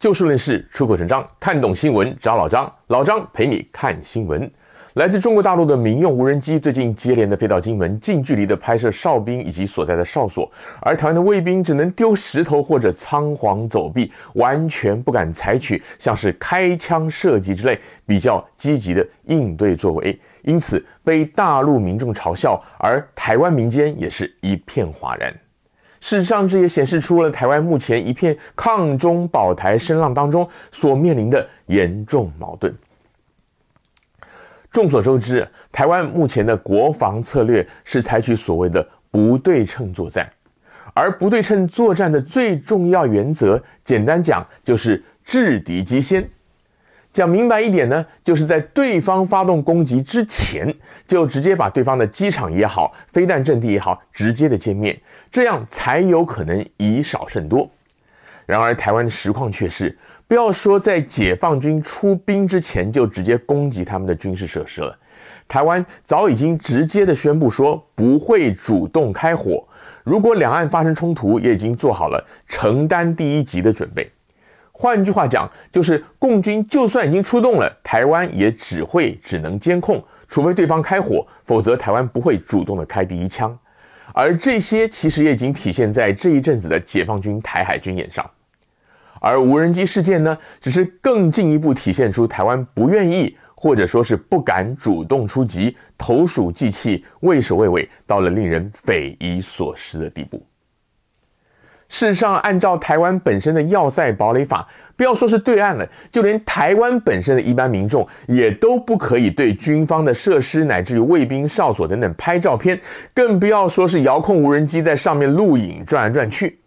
就事論事，出口成章，看懂新聞找老張。老張陪你看新聞。來自中國大陸的民用無人機最近接連的飛到金門，近距離的拍攝哨兵以及所在的哨所，而台灣的衛兵只能丟石頭或者倉皇走避，完全不敢採取像是開槍射擊之類比較積極的應對作為，因此被大陸民眾嘲笑，而台灣民間也是一片譁然。事實上，這也顯示出了台灣目前一片抗中保台聲浪當中所面臨的嚴重矛盾。眾所周知，台灣目前的國防策略是採取所謂的不對稱作戰，而不對稱作戰的最重要原則，簡單講就是制敵機先。講明白一點呢，就是在對方發動攻擊之前，就直接把對方的機場也好、飛彈陣地也好，直接的殲滅，這樣才有可能以少勝多。然而，台灣的實況卻是，不要說在解放軍出兵之前就直接攻擊他們的軍事設施了，台灣早已經直接的宣布說不會主動開火。如果兩岸發生衝突，也已經做好了承擔第一擊的準備。換句話講，就是共軍就算已經出動了，台灣也只會只能監控，除非對方開火，否則台灣不會主動的開第一槍。而這些其實也已經體現在這一陣子的解放軍台海軍演上，而無人機事件呢，只是更進一步體現出台灣不願意或者說是不敢主動出擊，投鼠忌器，畏首畏尾，到了令人匪夷所思的地步。事實上，按照台灣本身的要塞堡壘法，不要說是對岸了，就連台灣本身的一般民眾也都不可以對軍方的設施乃至於衛兵哨所等等拍照片，更不要說是遙控無人機在上面錄影轉來轉去。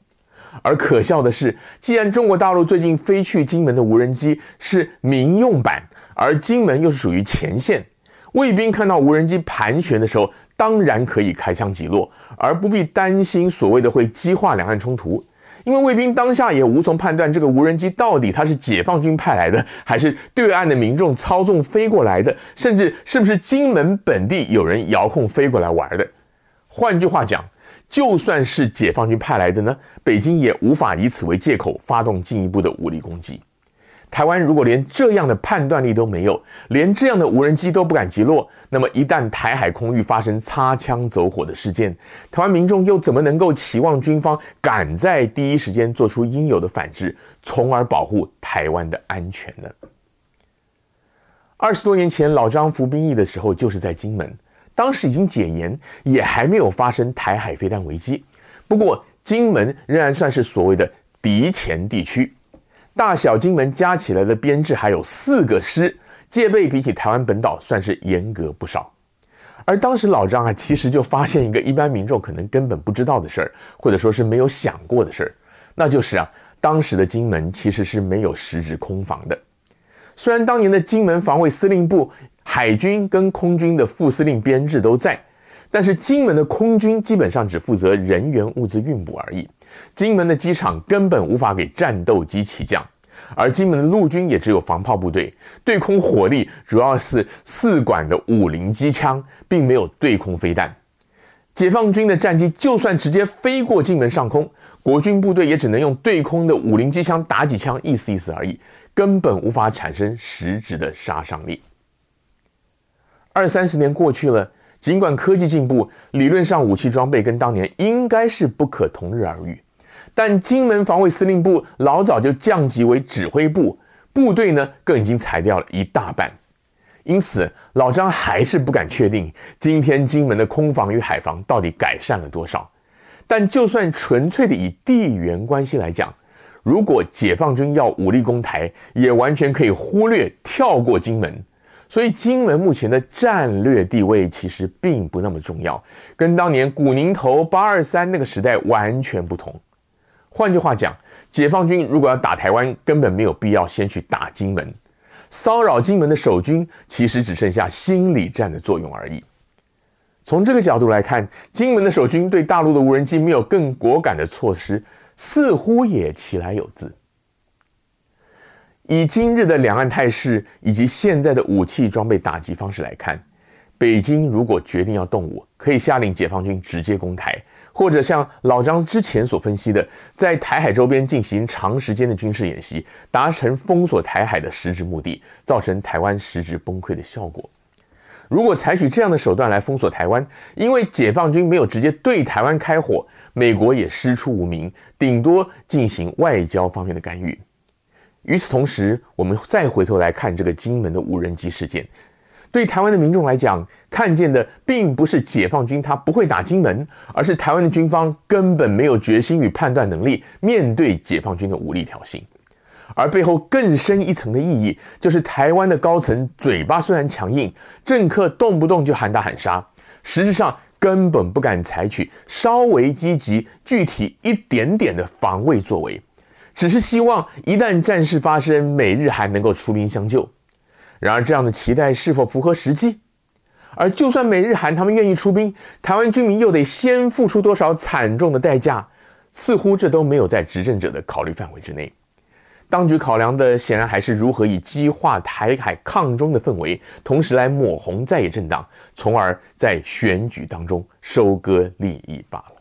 而可笑的是，既然中國大陸最近飛去金門的無人機是民用版，而金門又是屬於前線。衛兵看到無人機盤旋的時候，當然可以開槍擊落，而不必擔心所謂的會激化兩岸衝突，因為衛兵當下也無從判斷這個無人機到底它是解放軍派來的，還是對岸的民眾操縱飛過來的，甚至是不是金門本地有人遙控飛過來玩的。換句話講，就算是解放軍派來的呢，北京也無法以此為借口發動進一步的武力攻擊。台灣如果連這樣的判斷力都沒有，連這樣的無人機都不敢擊落，那麼一旦台海空域發生擦槍走火的事件，台灣民眾又怎麼能夠期望軍方敢在第一時間做出應有的反制，從而保護台灣的安全呢？二十多年前，老章服兵役的時候就是在金門，當時已經解嚴，也還沒有發生台海飛彈危機，不過金門仍然算是所謂的敵前地區。大小金門加起來的編制還有四個師，戒備比起台灣本島算是嚴格不少。而當時老張啊，其實就發現一個一般民眾可能根本不知道的事兒，或者說是沒有想過的事兒，那就是啊，當時的金門其實是沒有實質空防的。雖然當年的金門防衛司令部海軍跟空軍的副司令編制都在，但是金門的空軍基本上只負責人員物資運補而已。金門的機場根本無法給戰鬥機起降，而金門的陸軍也只有防炮部隊，對空火力主要是四管的五零機槍，並沒有對空飛彈。解放軍的戰機就算直接飛過金門上空，國軍部隊也只能用對空的五零機槍打幾槍，意思意思而已，根本無法產生實質的殺傷力。二三十年過去了。儘管科技進步，理論上武器裝備跟當年應該是不可同日而語，但金門防衛司令部老早就降級為指揮部，部隊呢，更已經裁掉了一大半，因此老張還是不敢確定今天金門的空防與海防到底改善了多少。但就算純粹的以地緣關係來講，如果解放軍要武力攻台，也完全可以忽略跳過金門。所以金門目前的戰略地位其實並不那麼重要，跟當年古寧頭八二三那個時代完全不同。換句話講，解放軍如果要打台灣，根本沒有必要先去打金門，騷擾金門的守軍其實只剩下心理戰的作用而已。從這個角度來看，金門的守軍對大陸的無人機沒有更果敢的措施，似乎也其來有自。以今日的兩岸態勢以及現在的武器裝備打擊方式來看，北京如果決定要動武，可以下令解放軍直接攻台，或者像老張之前所分析的，在台海周邊進行長時間的軍事演習，達成封鎖台海的實質目的，造成台灣實質崩潰的效果。如果採取這樣的手段來封鎖台灣，因為解放軍沒有直接對台灣開火，美國也師出無名，頂多進行外交方面的干預。與此同時，我們再回頭來看這個金門的無人機事件，對台灣的民眾來講，看見的並不是解放軍他不會打金門，而是台灣的軍方根本沒有決心與判斷能力面對解放軍的武力挑釁。而背後更深一層的意義，就是台灣的高層嘴巴雖然強硬，政客動不動就喊打喊殺，實質上根本不敢採取稍微積極、具體一點點的防衛作為。只是希望一旦戰事發生，美日韓能夠出兵相救。然而，這樣的期待是否符合實際？而就算美日韓他們願意出兵，台灣居民又得先付出多少慘重的代價？似乎這都沒有在執政者的考慮範圍之內。當局考量的顯然還是如何以激化台海抗中的氛圍，同時來抹紅在野政黨，從而在選舉當中收割利益罷了。